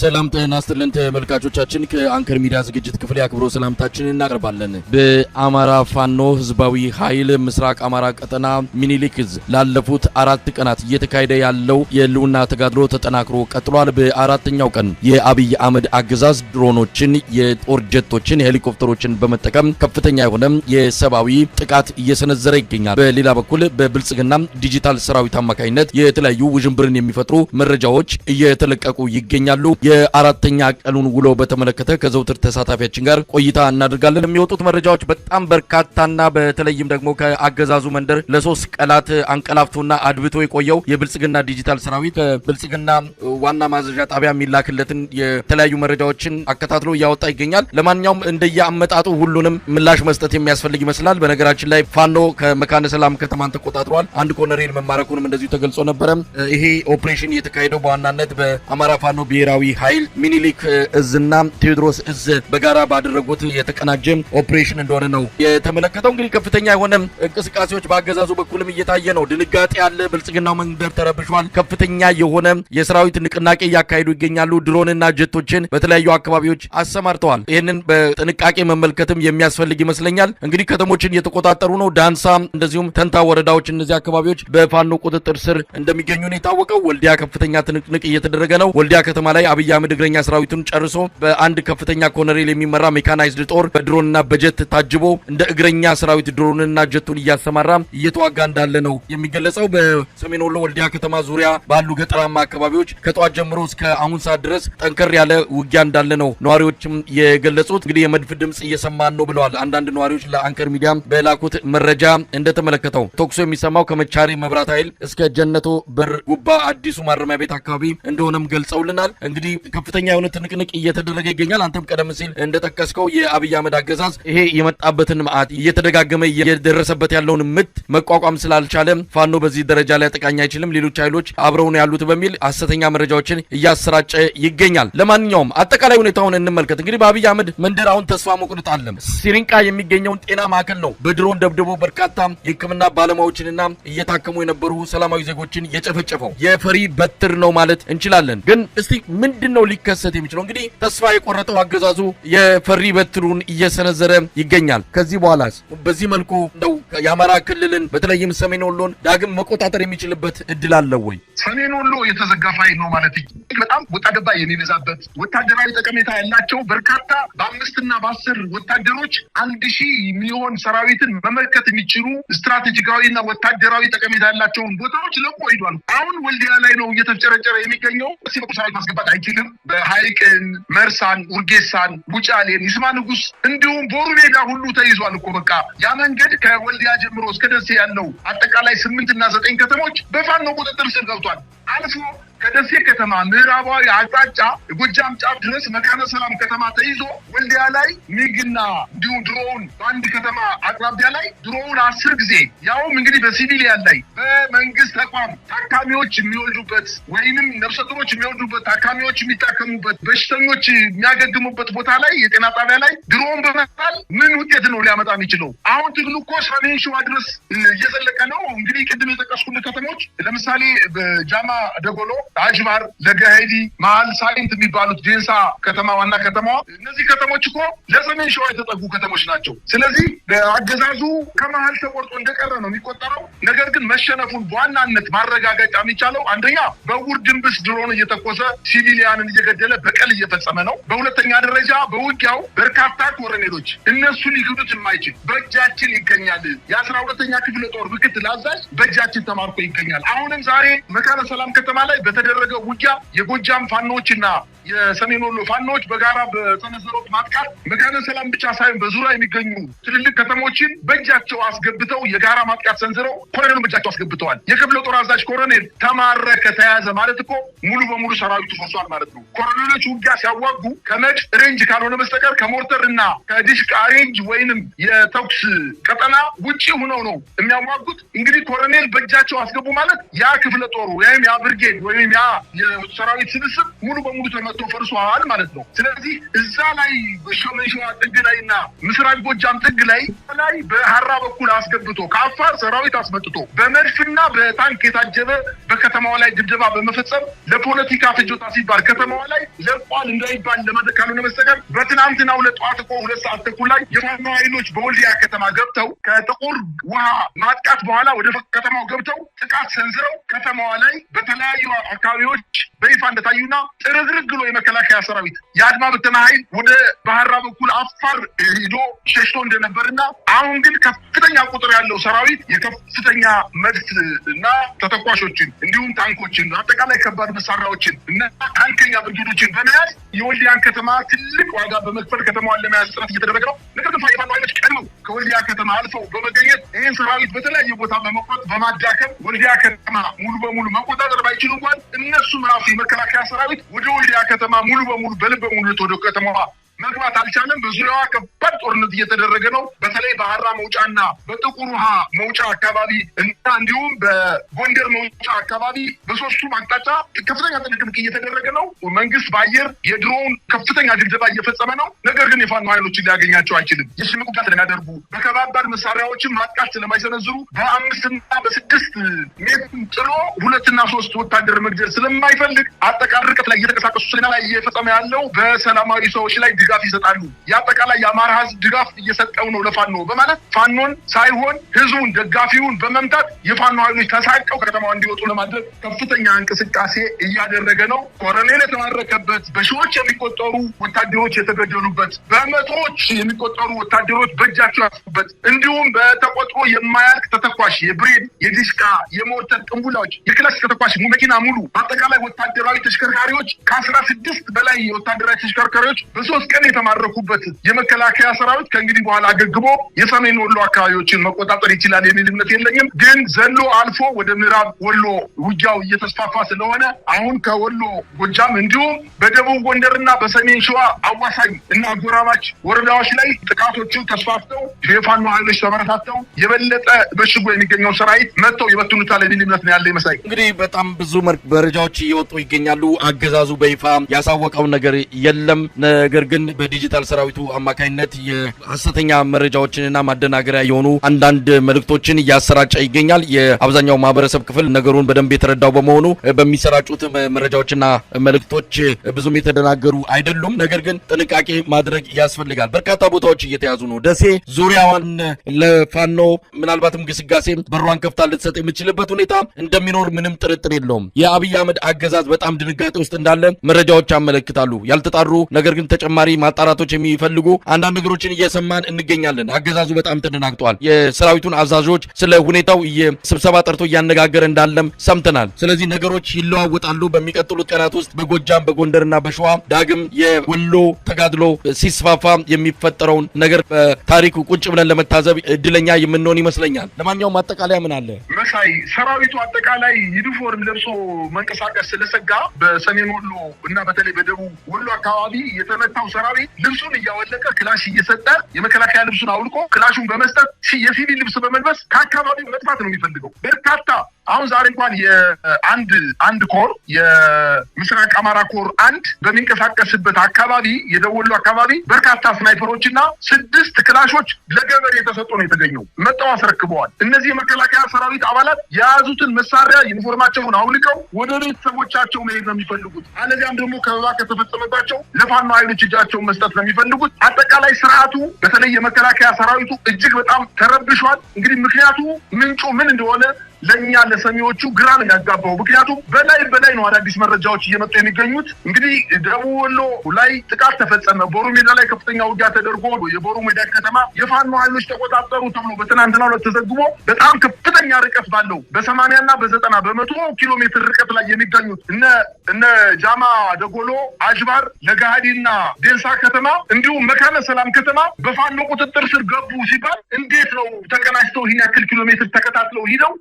ሰላም ጤና ይስጥልን ተመልካቾቻችን፣ ከአንከር ሚዲያ ዝግጅት ክፍል የአክብሮ ሰላምታችን እናቀርባለን። በአማራ ፋኖ ህዝባዊ ኃይል ምስራቅ አማራ ቀጠና ሚኒሊክ እዝ ላለፉት አራት ቀናት እየተካሄደ ያለው የህልውና ተጋድሎ ተጠናክሮ ቀጥሏል። በአራተኛው ቀን የአብይ አህመድ አገዛዝ ድሮኖችን፣ የጦር ጀቶችን፣ ሄሊኮፕተሮችን በመጠቀም ከፍተኛ የሆነ የሰብአዊ ጥቃት እየሰነዘረ ይገኛል። በሌላ በኩል በብልጽግና ዲጂታል ሰራዊት አማካኝነት የተለያዩ ውዥንብርን የሚፈጥሩ መረጃዎች እየተለቀቁ ይገኛሉ። የአራተኛ ቀኑን ውሎ በተመለከተ ከዘውትር ተሳታፊያችን ጋር ቆይታ እናደርጋለን። የሚወጡት መረጃዎች በጣም በርካታና በተለይም ደግሞ ከአገዛዙ መንደር ለሶስት ቀላት አንቀላፍቶና አድብቶ የቆየው የብልጽግና ዲጂታል ሰራዊት ከብልጽግና ዋና ማዘዣ ጣቢያ የሚላክለትን የተለያዩ መረጃዎችን አከታትሎ እያወጣ ይገኛል። ለማንኛውም እንደየአመጣጡ ሁሉንም ምላሽ መስጠት የሚያስፈልግ ይመስላል። በነገራችን ላይ ፋኖ ከመካነ ሰላም ከተማን ተቆጣጥሯል። አንድ ኮነሬል መማረኩንም እንደዚሁ ተገልጾ ነበረ። ይሄ ኦፕሬሽን የተካሄደው በዋናነት በአማራ ፋኖ ብሔራዊ ኃይል ሚኒሊክ እዝና ቴዎድሮስ እዝ በጋራ ባደረጉት የተቀናጀ ኦፕሬሽን እንደሆነ ነው የተመለከተው። እንግዲህ ከፍተኛ የሆነ እንቅስቃሴዎች በአገዛዙ በኩልም እየታየ ነው። ድንጋጤ ያለ ብልጽግናው መንደር ተረብሿል። ከፍተኛ የሆነ የሰራዊት ንቅናቄ እያካሄዱ ይገኛሉ። ድሮንና ጀቶችን በተለያዩ አካባቢዎች አሰማርተዋል። ይህንን በጥንቃቄ መመልከትም የሚያስፈልግ ይመስለኛል። እንግዲህ ከተሞችን እየተቆጣጠሩ ነው። ዳንሳ፣ እንደዚሁም ተንታ ወረዳዎች፣ እነዚህ አካባቢዎች በፋኖ ቁጥጥር ስር እንደሚገኙ ነው የታወቀው። ወልዲያ ከፍተኛ ትንቅንቅ እየተደረገ ነው። ወልዲያ ከተማ ላይ አብይ አህመድ እግረኛ ሰራዊቱን ጨርሶ በአንድ ከፍተኛ ኮነሬል የሚመራ ሜካናይዝድ ጦር በድሮንና በጀት ታጅቦ እንደ እግረኛ ሰራዊት ድሮንና ጀቱን እያሰማራ እየተዋጋ እንዳለ ነው የሚገለጸው። በሰሜን ወሎ ወልዲያ ከተማ ዙሪያ ባሉ ገጠራማ አካባቢዎች ከጠዋት ጀምሮ እስከ አሁን ሰዓት ድረስ ጠንከር ያለ ውጊያ እንዳለ ነው ነዋሪዎችም የገለጹት። እንግዲህ የመድፍ ድምጽ እየሰማን ነው ብለዋል። አንዳንድ ነዋሪዎች ለአንከር ሚዲያ በላኩት መረጃ እንደተመለከተው ተኩሶ የሚሰማው ከመቻሬ መብራት ኃይል እስከ ጀነቶ በር ጉባ አዲሱ ማረሚያ ቤት አካባቢ እንደሆነም ገልጸውልናል። እንግዲህ ከፍተኛ የሆነ ትንቅንቅ እየተደረገ ይገኛል። አንተም ቀደም ሲል እንደጠቀስከው የአብይ አህመድ አገዛዝ ይሄ የመጣበትን መዓት እየተደጋገመ እየደረሰበት ያለውን ምት መቋቋም ስላልቻለ ፋኖ በዚህ ደረጃ ላይ አጠቃኝ አይችልም፣ ሌሎች ኃይሎች አብረው ነው ያሉት በሚል አሰተኛ መረጃዎችን እያሰራጨ ይገኛል። ለማንኛውም አጠቃላይ ሁኔታውን እንመልከት። እንግዲህ በአብይ አህመድ መንደር አሁን ተስፋ መቁረጥ አለም። ሲሪንቃ የሚገኘውን ጤና ማዕከል ነው በድሮን ደብድቦ በርካታ የሕክምና ባለሙያዎችንና እየታከሙ የነበሩ ሰላማዊ ዜጎችን የጨፈጨፈው የፈሪ በትር ነው ማለት እንችላለን። ግን እስቲ ምን ምንድን ነው ሊከሰት የሚችለው? እንግዲህ ተስፋ የቆረጠው አገዛዙ የፈሪ በትሩን እየሰነዘረ ይገኛል። ከዚህ በኋላ በዚህ መልኩ እንደው የአማራ ክልልን በተለይም ሰሜን ወሎን ዳግም መቆጣጠር የሚችልበት እድል አለ ወይ? ሰሜን ወሎ የተዘጋ ፋይል ነው ማለት በጣም ወጣ ገባ የሚበዛበት ወታደራዊ ጠቀሜታ ያላቸው በርካታ በአምስትና በአስር ወታደሮች አንድ ሺህ የሚሆን ሰራዊትን መመልከት የሚችሉ ስትራቴጂካዊና ወታደራዊ ጠቀሜታ ያላቸውን ቦታዎች ለቆ ሂዷል። አሁን ወልዲያ ላይ ነው እየተፍጨረጨረ የሚገኘው። ሰራዊት ማስገባት ፋሲለደስን፣ በሀይቅን፣ መርሳን፣ ውርጌሳን፣ ቡጫሌን፣ ይስማ ንጉስ እንዲሁም ቦሩ ሜዳ ሁሉ ተይዟል እኮ በቃ ያ መንገድ ከወልዲያ ጀምሮ እስከ ደሴ ያለው አጠቃላይ ስምንት እና ዘጠኝ ከተሞች በፋኖ ቁጥጥር ስር ገብቷል አልፎ ከደሴ ከተማ ምዕራባዊ አቅጣጫ የጎጃም ጫፍ ድረስ መካነ ሰላም ከተማ ተይዞ ወልዲያ ላይ ሚግና እንዲሁም ድሮውን በአንድ ከተማ አቅራቢያ ላይ ድሮውን አስር ጊዜ ያውም እንግዲህ በሲቪሊያን ላይ በመንግስት ተቋም ታካሚዎች የሚወልዱበት ወይንም ነብሰጥሮች የሚወልዱበት ታካሚዎች የሚታከሙበት በሽተኞች የሚያገግሙበት ቦታ ላይ የጤና ጣቢያ ላይ ድሮውን በመጣል ምን ውጤት ነው ሊያመጣ የሚችለው? አሁን ትግሉ እኮ ሰሜን ሸዋ ድረስ እየዘለቀ ነው። እንግዲህ ቅድም የጠቀስኩት ከተሞች ለምሳሌ በጃማ ደጎሎ ዳጅማር፣ ለገሄዲ፣ መሀል ሳይንት የሚባሉት ዴንሳ ከተማ ዋና ከተማዋ። እነዚህ ከተሞች እኮ ለሰሜን ሸዋ የተጠጉ ከተሞች ናቸው። ስለዚህ አገዛዙ ከመሀል ተቆርጦ እንደቀረ ነው የሚቆጠረው። ነገር ግን መሸነፉን በዋናነት ማረጋገጫ የሚቻለው አንደኛ በውር ድንብስ ድሮን እየተኮሰ ሲቪሊያንን እየገደለ በቀል እየፈጸመ ነው። በሁለተኛ ደረጃ በውጊያው በርካታ ኮረኔሎች እነሱን ሊክዱት የማይችል በእጃችን ይገኛል። የአስራ ሁለተኛ ክፍለ ጦር ምክትል አዛዥ በእጃችን ተማርኮ ይገኛል። አሁንም ዛሬ መካነ ሰላም ከተማ ላይ በተደረገ ውጊያ የጎጃም ፋኖችና የሰሜን ወሎ ፋኖች በጋራ በሰነዘሩት ማጥቃት መካነ ሰላም ብቻ ሳይሆን በዙሪያ የሚገኙ ትልልቅ ከተሞችን በእጃቸው አስገብተው የጋራ ማጥቃት ሰንዝረው ኮረኔሉ በእጃቸው አስገብተዋል። የክፍለ ጦር አዛዥ ኮሎኔል ተማረ ተያዘ ማለት እኮ ሙሉ በሙሉ ሰራዊቱ ፈሷል ማለት ነው። ኮሎኔሎች ውጊያ ሲያዋጉ ከመድ ሬንጅ ካልሆነ በስተቀር ከሞርተር እና ከዲሽቅ ሬንጅ ወይንም የተኩስ ቀጠና ውጭ ሆነው ነው የሚያዋጉት። እንግዲህ ኮሎኔል በእጃቸው አስገቡ ማለት ያ ክፍለ ጦሩ ወይም ያ ብርጌድ ወይም ያ የሰራዊት ስብስብ ሙሉ በሙሉ ተመቶ ፈርሷል ማለት ነው። ስለዚህ እዛ ላይ ሰሜን ሸዋ ጥግ ላይ እና ምስራቅ ጎጃም ጥግ ላይ ላይ በሀራ በኩል አስገብቶ ከአፋር ሰራዊት አስመጥቶ በመድፍና በታንክ የታጀበ በከተማዋ ላይ ድብደባ በመፈጸም ለፖለቲካ ፍጆታ ሲባል ከተማዋ ላይ ለቋል እንዳይባል ለማድረግ ካልሆነ በስተቀር በትናንትናው ለጠዋት እኮ ሁለት ሰዓት ተኩል ላይ የፋኖ ኃይሎች በወልዲያ ከተማ ገብተው ከጥቁር ውሃ ማጥቃት በኋላ ወደ ከተማው ገብተው ጥቃት ሰንዝረው ከተማዋ ላይ በተለያዩ አካባቢዎች በይፋ እንደታዩና ጥርግርግ ብሎ የመከላከያ ሰራዊት የአድማ ብተና ኃይል ወደ ባህራ በኩል አፋር ሂዶ ሸሽቶ እንደነበርና አሁን ግን ከፍተኛ ቁጥር ያለው ሰራዊት የከፍተኛ መድፍ እና ተተኳሾችን እንዲሁም ታንኮችን አጠቃላይ ከባድ መሳሪያዎችን እና ታንከኛ ብርጌዶችን በመያዝ የወልዲያን ከተማ ትልቅ ዋጋ በመክፈል ከተማዋን ለመያዝ ጥረት እየተደረገ ነው። ነገር ግን ፋይፋ ቀን ነው ከወልዲያ ከተማ አልፈው በመገኘት ይህን ሰራዊት በተለያየ ቦታ በመቁረጥ በማዳከም ወልዲያ ከተማ ሙሉ በሙሉ መቆጣጠር ባይችሉ እንኳን እነሱም ራሱ የመከላከያ ሰራዊት ወደ ወልዲያ ከተማ ሙሉ በሙሉ በልበ ሙሉ ወደ ከተማዋ መግባት አልቻለም። በዙሪያዋ ከባድ ጦርነት እየተደረገ ነው። በተለይ በሀራ መውጫና በጥቁር ውሃ መውጫ አካባቢ እና እንዲሁም በጎንደር መውጫ አካባቢ በሶስቱም አቅጣጫ ከፍተኛ ጥንቅንቅ እየተደረገ ነው። መንግስት በአየር የድሮውን ከፍተኛ ድብደባ እየፈጸመ ነው። ነገር ግን የፋኖ ኃይሎችን ሊያገኛቸው አይችልም። የሽምቅ ውጊያ ስለሚያደርጉ በከባባድ መሳሪያዎችን ማጥቃት ስለማይሰነዝሩ በአምስትና በስድስት ሜት ጥሎ ሁለትና ሶስት ወታደር መግደል ስለማይፈልግ አጠቃር ርቀት ላይ እየተንቀሳቀሱ ና ላይ እየፈጸመ ያለው በሰላማዊ ሰዎች ላይ ድጋፍ ይሰጣሉ። የአጠቃላይ የአማራ ህዝብ ድጋፍ እየሰጠው ነው ለፋኖ በማለት ፋኖን ሳይሆን ህዝቡን ደጋፊውን በመምታት የፋኖ ኃይሎች ተሳቀው ከተማ እንዲወጡ ለማድረግ ከፍተኛ እንቅስቃሴ እያደረገ ነው። ኮረኔል የተማረከበት፣ በሺዎች የሚቆጠሩ ወታደሮች የተገደሉበት፣ በመቶዎች የሚቆጠሩ ወታደሮች በእጃቸው ያፉበት እንዲሁም በተቆጥሮ የማያልቅ ተተኳሽ የብሬድ፣ የዲስቃ የሞተር ጥንቡላዎች የክላሽ ተተኳሽ መኪና ሙሉ በአጠቃላይ ወታደራዊ ተሽከርካሪዎች ከአስራ ስድስት በላይ የወታደራዊ ተሽከርካሪዎች በሶስት ቀን ቀን የተማረኩበት የመከላከያ ሰራዊት ከእንግዲህ በኋላ አገግቦ የሰሜን ወሎ አካባቢዎችን መቆጣጠር ይችላል የሚል እምነት የለኝም። ግን ዘሎ አልፎ ወደ ምዕራብ ወሎ ውጊያው እየተስፋፋ ስለሆነ አሁን ከወሎ ጎጃም፣ እንዲሁም በደቡብ ጎንደርና በሰሜን ሸዋ አዋሳኝ እና ጎራባች ወረዳዎች ላይ ጥቃቶቹ ተስፋፍተው የፋኖ ኃይሎች ተበረታተው የበለጠ በሽጎ የሚገኘው ሰራዊት መጥተው የበትኑታል የሚል እምነት ነው ያለ ይመስላል። እንግዲህ በጣም ብዙ መረጃዎች እየወጡ ይገኛሉ። አገዛዙ በይፋ ያሳወቀው ነገር የለም። ነገር ግን በዲጂታል ሰራዊቱ አማካኝነት የሀሰተኛ መረጃዎችንና ማደናገሪያ የሆኑ አንዳንድ መልእክቶችን እያሰራጨ ይገኛል። የአብዛኛው ማህበረሰብ ክፍል ነገሩን በደንብ የተረዳው በመሆኑ በሚሰራጩት መረጃዎችና መልእክቶች ብዙም የተደናገሩ አይደሉም። ነገር ግን ጥንቃቄ ማድረግ ያስፈልጋል። በርካታ ቦታዎች እየተያዙ ነው። ደሴ ዙሪያዋን ለፋኖ ምናልባትም ግስጋሴ በሯን ከፍታ ልትሰጥ የምችልበት ሁኔታ እንደሚኖር ምንም ጥርጥር የለውም። የአብይ አህመድ አገዛዝ በጣም ድንጋጤ ውስጥ እንዳለ መረጃዎች ያመለክታሉ። ያልተጣሩ ነገር ግን ተጨማሪ ማጣራቶች የሚፈልጉ አንዳንድ ነገሮችን እየሰማን እንገኛለን። አገዛዙ በጣም ተደናግጧል። የሰራዊቱን አዛዦች ስለ ሁኔታው ስብሰባ ጠርቶ እያነጋገረ እንዳለም ሰምተናል። ስለዚህ ነገሮች ይለዋወጣሉ። በሚቀጥሉት ቀናት ውስጥ በጎጃም በጎንደርና በሸዋ ዳግም የወሎ ተጋድሎ ሲስፋፋ የሚፈጠረውን ነገር በታሪክ ቁጭ ብለን ለመታዘብ እድለኛ የምንሆን ይመስለኛል። ለማንኛውም አጠቃላይ ምን አለ መሳይ ሰራዊቱ አጠቃላይ ዩኒፎርም ለብሶ መንቀሳቀስ ስለሰጋ በሰሜን ወሎ እና በተለይ በደቡብ ወሎ አካባቢ የተመታው ሰራዊት ልብሱን እያወለቀ ክላሽ እየሰጠ የመከላከያ ልብሱን አውልቆ ክላሹን በመስጠት የሲቪል ልብስ በመልበስ ከአካባቢው መጥፋት ነው የሚፈልገው በርካታ አሁን ዛሬ እንኳን የአንድ አንድ ኮር የምስራቅ አማራ ኮር አንድ በሚንቀሳቀስበት አካባቢ የደወሉ አካባቢ በርካታ ስናይፐሮች እና ስድስት ክላሾች ለገበሬ የተሰጡ ነው የተገኘው። መጠው አስረክበዋል። እነዚህ የመከላከያ ሰራዊት አባላት የያዙትን መሳሪያ ዩኒፎርማቸውን አውልቀው ወደ ቤተሰቦቻቸው መሄድ ነው የሚፈልጉት። አለዚያም ደግሞ ከበባ ከተፈጸመባቸው ለፋኖ ኃይሎች እጃቸውን መስጠት ነው የሚፈልጉት። አጠቃላይ ስርዓቱ በተለይ የመከላከያ ሰራዊቱ እጅግ በጣም ተረብሿል። እንግዲህ ምክንያቱ ምንጩ ምን እንደሆነ ለእኛ ለሰሚዎቹ ግራ ነው ያጋባው። ምክንያቱም በላይ በላይ ነው አዳዲስ መረጃዎች እየመጡ የሚገኙት። እንግዲህ ደቡብ ወሎ ላይ ጥቃት ተፈጸመ፣ ቦሩ ሜዳ ላይ ከፍተኛ ውጊያ ተደርጎ የቦሩ ሜዳ ከተማ የፋኖ ኃይሎች ተቆጣጠሩ ተብሎ በትናንትና ሁለት ተዘግቦ በጣም ከፍተኛ ርቀት ባለው በሰማንያ እና በዘጠና በመቶ ኪሎ ሜትር ርቀት ላይ የሚገኙት እነ እነ ጃማ ደጎሎ፣ አጅባር፣ ለገሃዲና ዴንሳ ከተማ እንዲሁም መካነ ሰላም ከተማ በፋኖ ቁጥጥር ስር ገቡ ሲባል እንዴት ነው ተቀናጅተው ይህን ያክል ኪሎ ሜትር ተከታትለው ሂደው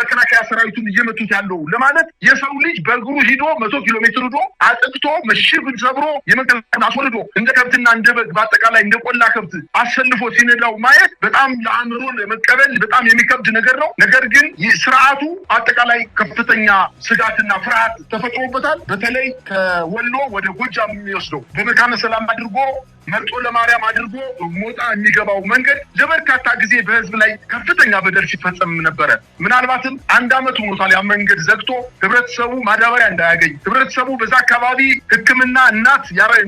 መከላከያ ሰራዊቱን እየመቱት ያለው ለማለት የሰው ልጅ በእግሩ ሂዶ መቶ ኪሎ ሜትር ሂዶ አጥቅቶ ምሽጉን ሰብሮ የመከላከያ አስወርዶ እንደ ከብትና እንደ በግ በአጠቃላይ እንደ ቆላ ከብት አሰልፎ ሲነዳው ማየት በጣም ለአእምሮ ለመቀበል በጣም የሚከብድ ነገር ነው። ነገር ግን ስርዓቱ አጠቃላይ ከፍተኛ ስጋትና ፍርሃት ተፈጥሮበታል። በተለይ ከወሎ ወደ ጎጃም የሚወስደው በመካነ ሰላም አድርጎ መርጦ ለማርያም አድርጎ ሞጣ የሚገባው መንገድ ለበርካታ ጊዜ በህዝብ ላይ ከፍተኛ በደል ሲፈጸም ነበረ። ምናልባትም አንድ ዓመት ሆኖታል። ያ መንገድ ዘግቶ ህብረተሰቡ ማዳበሪያ እንዳያገኝ፣ ህብረተሰቡ በዛ አካባቢ ህክምና እናት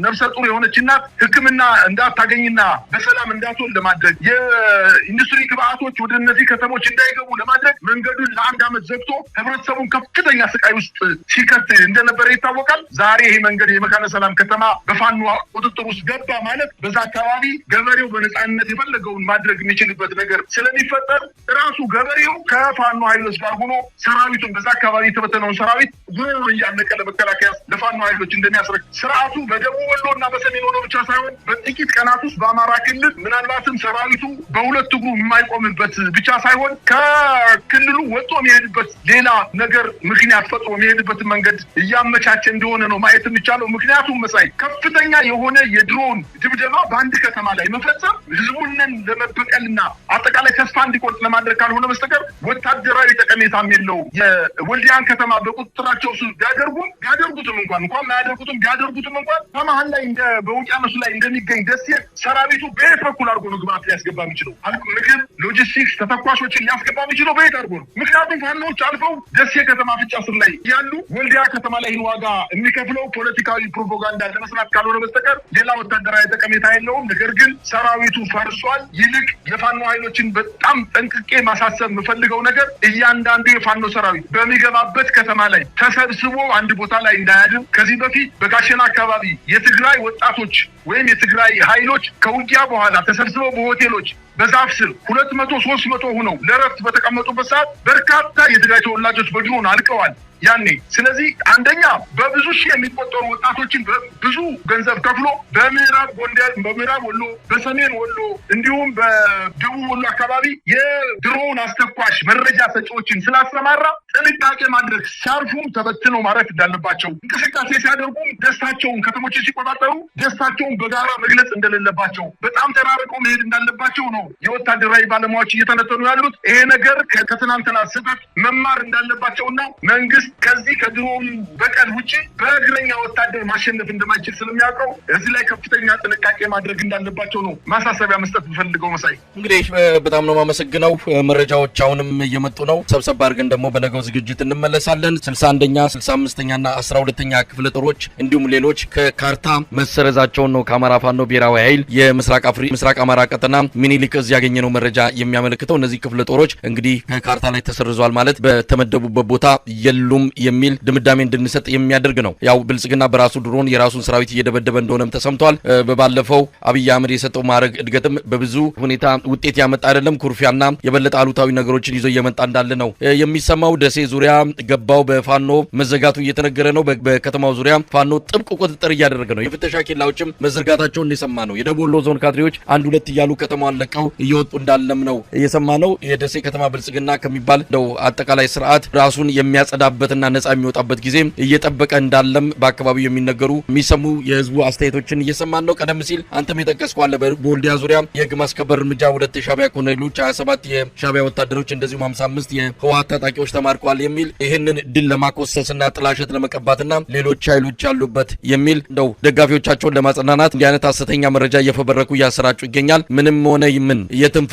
ነፍሰ ጡር የሆነች እናት ህክምና እንዳታገኝና በሰላም እንዳትሆን ለማድረግ የኢንዱስትሪ ግብአቶች ወደ እነዚህ ከተሞች እንዳይገቡ ለማድረግ መንገዱን ለአንድ ዓመት ዘግቶ ህብረተሰቡን ከፍተኛ ስቃይ ውስጥ ሲከት እንደነበረ ይታወቃል። ዛሬ ይሄ መንገድ የመካነ ሰላም ከተማ በፋኖ ቁጥጥር ውስጥ ገባ ማለት በዛ አካባቢ ገበሬው በነፃነት የፈለገውን ማድረግ የሚችልበት ነገር ስለሚፈጠር ራሱ ገበሬው ከፋኖ ኃይሎች ጋር ሆኖ ሰራዊቱን በዛ አካባቢ የተበተነውን ሰራዊት ዙር እያነቀ ለመከላከያ ለፋኖ ኃይሎች እንደሚያስረክ ስርዓቱ በደቡብ ወሎ እና በሰሜን ወሎ ብቻ ሳይሆን በጥቂት ቀናት ውስጥ በአማራ ክልል ምናልባትም ሰራዊቱ በሁለት እግሩ የማይቆምበት ብቻ ሳይሆን ከክልሉ ወጦ የሚሄድበት ሌላ ነገር ምክንያት ፈጥሮ የሚሄድበትን መንገድ እያመቻቸ እንደሆነ ነው ማየት የሚቻለው። ምክንያቱም መሳይ ከፍተኛ የሆነ የድሮን ድብደባ በአንድ ከተማ ላይ መፈጸም ህዝቡንን ለመበቀልና አጠቃላይ ተስፋ እንዲቆርጥ ለማድረግ ካልሆነ በስተቀር ወታደራዊ ጠቀሜታም የለውም። የወልዲያን ከተማ በቁጥጥራቸው ስ ቢያደርጉም ቢያደርጉትም እንኳን እንኳን ማያደርጉትም ቢያደርጉትም እንኳን በመሀል ላይ በውቅያኖሱ ላይ እንደሚገኝ ደሴት ሰራዊቱ በየት በኩል አድርጎ ነው ግብአት ሊያስገባ የሚችለው? ምግብ፣ ሎጂስቲክስ፣ ተተኳሾችን ሊያስገባ የሚችለው በየት አድርጎ ነው? ምክንያቱም ፋኖች አልፈው ደሴ ከተማ ፍጫ ስር ላይ ያሉ ወልዲያ ከተማ ላይ ዋጋ የሚከፍለው ፖለቲካዊ ፕሮፓጋንዳ ለመስራት ካልሆነ በስተቀር ሌላ ወታደራዊ ጠቀሜታ የለውም። ነገር ግን ሰራዊቱ ፈርሷል። ይልቅ የፋኖ ኃይሎችን በጣም ጠንቅቄ ማሳሰብ የምፈልገው ነገር እያንዳንዱ የፋኖ ሰራዊት በሚገባበት ከተማ ላይ ተሰብስቦ አንድ ቦታ ላይ እንዳያድር ከዚህ በፊት በጋሸና አካባቢ የትግራይ ወጣቶች ወይም የትግራይ ኃይሎች ከውጊያ በኋላ ተሰብስበው በሆቴሎች በዛፍ ስር ሁለት መቶ ሶስት መቶ ሆነው ለእረፍት በተቀመጡበት ሰዓት በርካታ የትግራይ ተወላጆች በድሮን አልቀዋል ያኔ። ስለዚህ አንደኛ በብዙ ሺህ የሚቆጠሩ ወጣቶችን ብዙ ገንዘብ ከፍሎ በምዕራብ ጎንደር፣ በምዕራብ ወሎ፣ በሰሜን ወሎ እንዲሁም በደቡብ ወሎ አካባቢ የድሮውን አስተኳሽ መረጃ ሰጪዎችን ስላሰማራ ጥንቃቄ ማድረግ ሲያርፉም ተበትነው ማረፍ እንዳለባቸው እንቅስቃሴ ሲያደርጉም ደስታቸውን ከተሞችን ሲቆጣጠሩ ደስታቸውን በጋራ መግለጽ እንደሌለባቸው፣ በጣም ተራርቆ መሄድ እንዳለባቸው ነው የወታደራዊ ባለሙያዎች እየተነተኑ ያሉት። ይሄ ነገር ከትናንትና ስህተት መማር እንዳለባቸውና መንግስት ከዚህ ከድሮም በቀል ውጭ በእግረኛ ወታደር ማሸነፍ እንደማይችል ስለሚያውቀው እዚህ ላይ ከፍተኛ ጥንቃቄ ማድረግ እንዳለባቸው ነው ማሳሰቢያ መስጠት ብፈልገው መሳይ እንግዲህ በጣም ነው የማመሰግነው። መረጃዎች አሁንም እየመጡ ነው። ሰብሰብ አድርገን ደግሞ በነገው ዝግጅት እንመለሳለን። ስልሳ አንደኛ ስልሳ አምስተኛና አስራ ሁለተኛ ክፍለ ጦሮች እንዲሁም ሌሎች ከካርታ መሰረዛቸውን ነው ከአማራ ፋኖ ብሔራዊ ኃይል የምስራቅ አፍሪ ምስራቅ አማራ ቀጠና ሚኒሊክ እዝ ያገኘነው መረጃ የሚያመለክተው እነዚህ ክፍለ ጦሮች እንግዲህ ከካርታ ላይ ተሰርዟል ማለት በተመደቡበት ቦታ የሉም የሚል ድምዳሜ እንድንሰጥ የሚያደርግ ነው። ያው ብልጽግና በራሱ ድሮን የራሱን ሰራዊት እየደበደበ እንደሆነም ተሰምቷል። በባለፈው አብይ አህመድ የሰጠው ማዕረግ እድገትም በብዙ ሁኔታ ውጤት ያመጣ አይደለም። ኩርፊያና የበለጠ አሉታዊ ነገሮችን ይዞ እየመጣ እንዳለ ነው የሚሰማው። ደሴ ዙሪያ ገባው በፋኖ መዘጋቱ እየተነገረ ነው። በከተማው ዙሪያ ፋኖ ጥብቅ ቁጥጥር እያደረገ ነው። የፍተሻ ኬላዎችም መዘጋታቸውን እንደሰማ ነው። የደቡብ ወሎ ዞን ካድሬዎች አንድ ሁለት እያሉ ከተማዋን ለቀው እየወጡ እንዳለም ነው እየሰማ ነው። የደሴ ከተማ ብልጽግና ከሚባል ነው አጠቃላይ ስርዓት ራሱን የሚያጸዳበትና ነጻ የሚወጣበት ጊዜ እየጠበቀ እንዳለም በአካባቢው የሚነገሩ የሚሰሙ የህዝቡ አስተያየቶችን እየሰማን ነው። ቀደም ሲል አንተም የጠቀስከው አለ በወልዲያ ዙሪያ የህግ ማስከበር እርምጃ ሁለት የሻቢያ ኮሎኔሎች 27 የሻቢያ ወታደሮች እንደዚሁም 55 የህወሓት ታጣቂዎች ተማርከዋል የሚል ይህንን ድል ለማኮሰስና ጥላሸት ለመቀባትና ሌሎች ኃይሎች ያሉበት የሚል ነው ደጋፊዎቻቸውን ለማጸናናት ባለስልጣናት እንዲህ አይነት ሐሰተኛ መረጃ እየፈበረኩ እያሰራጩ ይገኛል። ምንም ሆነ ምን የትም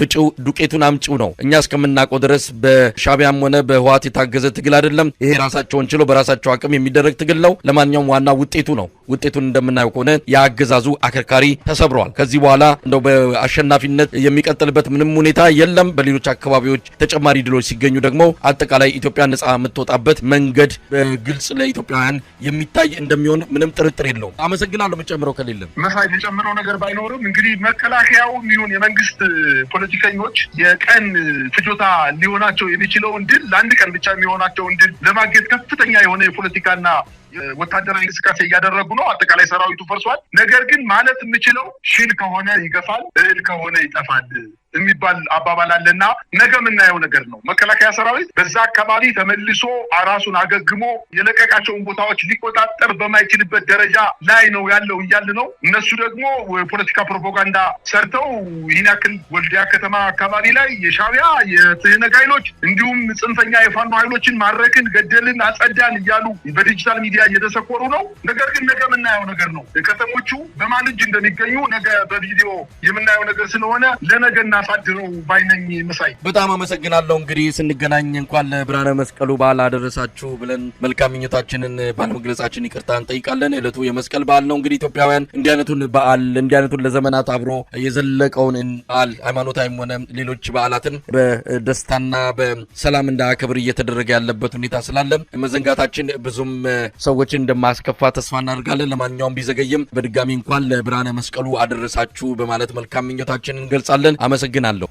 ዱቄቱን አምጪው ነው። እኛ እስከምናውቀው ድረስ በሻቢያም ሆነ በህዋት የታገዘ ትግል አይደለም። ይሄ ራሳቸውን ችሎ በራሳቸው አቅም የሚደረግ ትግል ነው። ለማንኛውም ዋና ውጤቱ ነው። ውጤቱን እንደምናየው ከሆነ የአገዛዙ አከርካሪ ተሰብረዋል። ከዚህ በኋላ እንደው በአሸናፊነት የሚቀጥልበት ምንም ሁኔታ የለም። በሌሎች አካባቢዎች ተጨማሪ ድሎች ሲገኙ ደግሞ አጠቃላይ ኢትዮጵያ ነጻ የምትወጣበት መንገድ በግልጽ ለኢትዮጵያውያን የሚታይ እንደሚሆን ምንም ጥርጥር የለውም። አመሰግናለሁ። መጨምረው ከሌለም መሳይ የጨምረው ነገር ባይኖርም እንግዲህ መከላከያውም ይሁን የመንግስት ፖለቲከኞች የቀን ፍጆታ ሊሆናቸው የሚችለውን ድል ለአንድ ቀን ብቻ የሚሆናቸውን ድል ለማግኘት ከፍተኛ የሆነ የፖለቲካና ወታደራዊ እንቅስቃሴ እያደረጉ ነው። አጠቃላይ ሰራዊቱ ፈርሷል። ነገር ግን ማለት የምችለው ሽል ከሆነ ይገፋል፣ እህል ከሆነ ይጠፋል የሚባል አባባል አለና ነገ የምናየው ነገር ነው። መከላከያ ሰራዊት በዛ አካባቢ ተመልሶ ራሱን አገግሞ የለቀቃቸውን ቦታዎች ሊቆጣጠር በማይችልበት ደረጃ ላይ ነው ያለው እያል ነው። እነሱ ደግሞ የፖለቲካ ፕሮፓጋንዳ ሰርተው ይህን ያክል ወልዲያ ከተማ አካባቢ ላይ የሻቢያ የትህነግ ኃይሎች እንዲሁም ጽንፈኛ የፋኖ ኃይሎችን ማድረግን ገደልን፣ አጸዳን እያሉ በዲጂታል ሚዲያ እየተሰኮሩ ነው። ነገር ግን ነገ የምናየው ነገር ነው። ከተሞቹ በማን እጅ እንደሚገኙ ነገ በቪዲዮ የምናየው ነገር ስለሆነ ለነገና የሚያሳድረው ባይነኝ መሳይ። በጣም አመሰግናለሁ። እንግዲህ ስንገናኝ እንኳን ለብርሃነ መስቀሉ በዓል አደረሳችሁ ብለን መልካም ምኞታችንን ባለመግለጻችን ይቅርታ እንጠይቃለን። ዕለቱ የመስቀል በዓል ነው። እንግዲህ ኢትዮጵያውያን እንዲህ አይነቱን በዓል እንዲህ አይነቱን ለዘመናት አብሮ የዘለቀውን በዓል ሃይማኖታዊም ሆነ ሌሎች በዓላትን በደስታና በሰላም እንዳያከብር እየተደረገ ያለበት ሁኔታ ስላለ መዘንጋታችን ብዙም ሰዎችን እንደማያስከፋ ተስፋ እናደርጋለን። ለማንኛውም ቢዘገይም በድጋሚ እንኳን ለብርሃነ መስቀሉ አደረሳችሁ በማለት መልካም ምኞታችን እንገልጻለን። አመሰግ አመሰግናለሁ።